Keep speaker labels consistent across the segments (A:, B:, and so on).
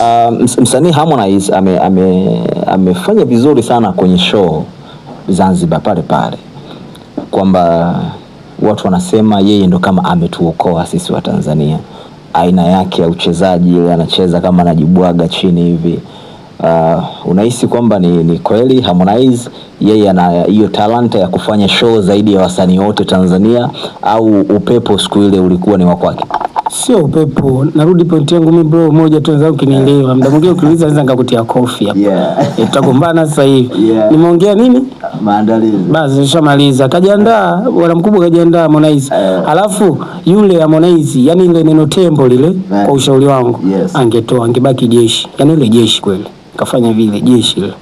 A: um, msanii Harmonize ame, ame, amefanya vizuri sana kwenye show Zanzibar pale pale, kwamba watu wanasema yeye ndo kama ametuokoa sisi wa Tanzania. Aina yake ya uchezaji ile, anacheza kama anajibwaga chini hivi uh, unahisi kwamba ni, ni kweli Harmonize yeye ana hiyo talanta ya kufanya show zaidi ya wasanii wote Tanzania, au upepo siku ile ulikuwa ni wa kwake?
B: Sio upepo, narudi pointi yangu mimi bro, moja tu nzangu kinielewa. Muda mwingine ukiuliza naweza ngakutia kofi hapa. Yeah. Tutagombana sasa hivi. Yeah. Nimeongea nini? Maandalizi. Basi nishamaliza. Kajiandaa, bwana mkubwa kajiandaa Harmonize. Yeah. Alafu yule Harmonize, yani ile neno tembo lile yeah. Kwa ushauri wangu yes. Angetoa, angebaki jeshi. Yani ile jeshi kweli. Kafanya vile jeshi ile.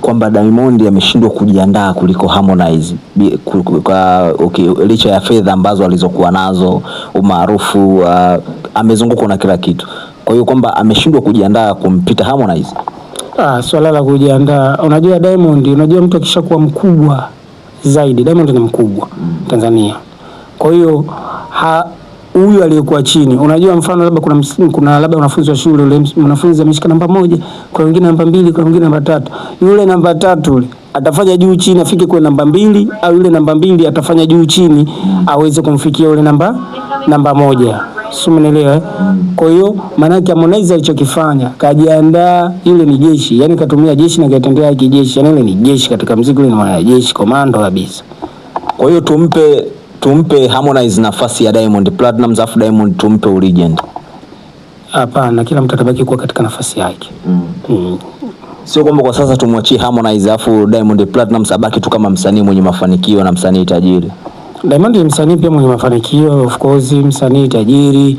A: Kwamba Diamond ameshindwa kujiandaa kuliko Harmonize. kwa, okay, Licha ya fedha ambazo alizokuwa nazo umaarufu uh, amezungukwa na kila kitu. Kwa hiyo kwamba ameshindwa kujiandaa kumpita Harmonize.
B: Ah, swala la kujiandaa, unajua Diamond, unajua mtu akishakuwa mkubwa zaidi, Diamond ni mkubwa mm. Tanzania. Kwa hiyo huyu aliyekuwa chini, unajua mfano labda kuna, kuna labda wanafunzi wa shule, ule wanafunzi ameshika namba moja, kuna wengine namba mbili, kuna wengine namba tatu, yule namba tatu atafanya juu chini afike kwa namba mbili au yule namba mbili atafanya juu chini aweze kumfikia yule namba namba moja. Sio, eh? Kwa hiyo maana yake Harmonize alichokifanya kajiandaa, ile ni jeshi, yani katumia jeshi na kaitendea kijeshi, yani ile ni jeshi katika mziki, ile ni mwanajeshi komando kabisa.
A: Kwa hiyo tumpe tumpe Harmonize nafasi ya Diamond Platinum, afu Diamond tumpe Legend.
B: Hapana, kila mtu atabaki kuwa katika nafasi yake. mm. Mm
A: sio kwamba kwa sasa tumwachie Harmonize afu Diamond Platinum sabaki tu kama msanii mwenye mafanikio na msanii tajiri.
B: Diamond ni msanii pia mwenye mafanikio of course, msanii tajiri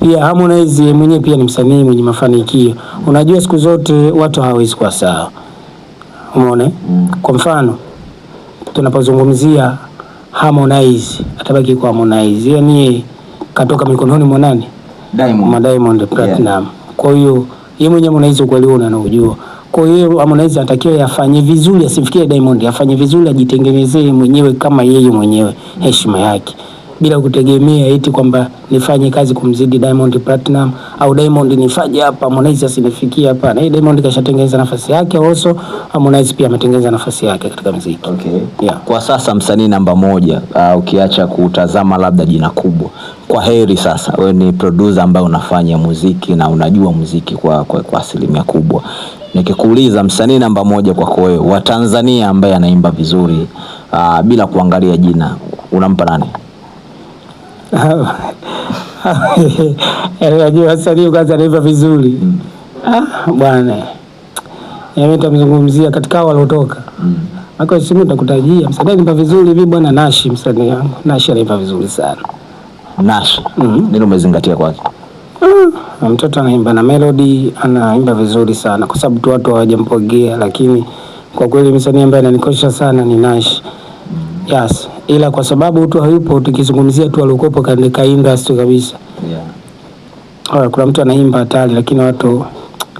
B: pia. Harmonize mwenyewe pia ni msanii mwenye mafanikio. Unajua siku zote watu hawawezi kuwa sawa, umeona? mm. Kwa mfano tunapozungumzia Harmonize, atabaki kwa Harmonize, yani katoka mikononi mwa nani? Diamond, Diamond Platinum. Yeah. Kwa hiyo yeye mwenyewe Harmonize kwa leo unaujua kwa hiyo Harmonize anatakiwa yafanye vizuri, asifikie Diamond, afanye vizuri, ajitengenezee mwenyewe kama yeye mwenyewe heshima yake bila kutegemea eti kwamba nifanye kazi kumzidi Diamond Platinum au Diamond nifanye hapa Harmonize asinifikie hapa. Na Diamond kashatengeneza nafasi yake, also Harmonize pia ametengeneza nafasi yake katika muziki.
A: Okay. Yeah. Kwa sasa msanii namba moja uh, ukiacha kutazama labda jina kubwa. Kwa heri sasa wewe ni producer ambaye unafanya muziki na unajua muziki kwa, kwa, kwa asilimia kubwa nikikuuliza msanii namba moja kwako wewe wa Tanzania ambaye anaimba vizuri uh, bila kuangalia jina unampa nani?
B: Yaani unajua wasanii kwanza anaimba vizuri mm. Ah, bwana mimi yaani nitamzungumzia katika hao waliotoka mm. Ako simu nitakutajia msanii anaimba vizuri hivi bwana, Nashi msanii wangu Nashi anaimba vizuri sana
A: Nashi mm -hmm. Nini umezingatia kwake?
B: mm mtoto anaimba na melody, anaimba vizuri sana, kwa sababu tu watu hawajampogea lakini kwa kweli msanii ambaye ananikosha sana ni Nash. Yes, ila kwa sababu tu hayupo, tukizungumzia tu aliokopo katika industry kabisa. Yeah. Kuna mtu anaimba hatari, lakini watu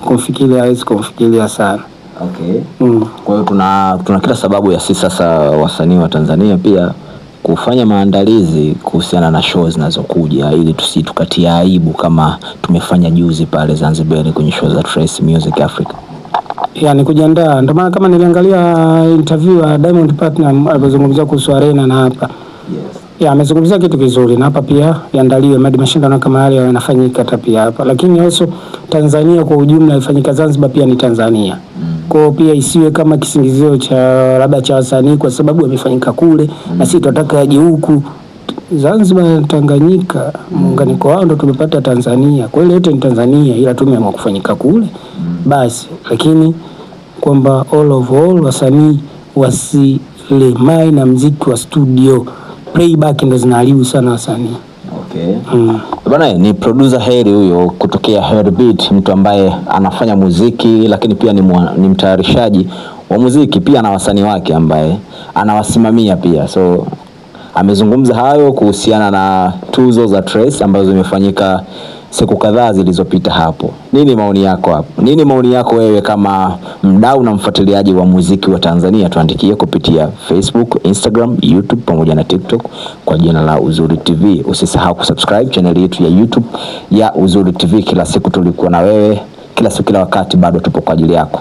B: kumfikiria hawezi kumfikiria sana.
A: Okay. Mm. Kwa hiyo tuna, tuna kila sababu ya sisi sasa wasanii wa Tanzania pia kufanya maandalizi kuhusiana na show zinazokuja ili tusitukatia aibu kama tumefanya juzi pale Zanzibar kwenye show za Trace Music Africa.
B: Yani kujiandaa, ndio maana kama niliangalia uh, interview ya Diamond Platnumz alipozungumzia kuhusu arena na hapa yes. Amezungumzia kitu kizuri na hapa pia iandaliwe madi mashindano kama yale yanafanyika hata pia hapa, lakini also Tanzania kwa ujumla ifanyika Zanzibar pia ni Tanzania mm. Kwa pia isiwe kama kisingizio cha labda cha wasanii kwa sababu wamefanyika kule mm. na sisi tunataka aje huku Zanzibar na Tanganyika muunganiko wao ndo tumepata Tanzania. Kwa hiyo yote ni Tanzania ila tumeamua kufanyika kule basi, lakini kwamba all of all wasanii wasilemai na mziki wa studio. Playback ndo zinaharibu sana wasanii. Okay.
A: Mm. Bana ni producer Heri huyo kutokea Heri Beat, mtu ambaye anafanya muziki lakini pia ni, ni mtayarishaji wa muziki pia na wasanii wake ambaye anawasimamia pia. So amezungumza hayo kuhusiana na tuzo za Trace ambazo zimefanyika siku kadhaa zilizopita hapo. Nini maoni yako hapo? Nini maoni yako wewe kama mdau na mfuatiliaji wa muziki wa Tanzania? Tuandikie kupitia Facebook, Instagram, YouTube pamoja na TikTok kwa jina la Uzuri TV. Usisahau kusubscribe channel yetu ya YouTube ya Uzuri TV. Kila siku tulikuwa na wewe, kila siku, kila wakati, bado tupo kwa ajili yako.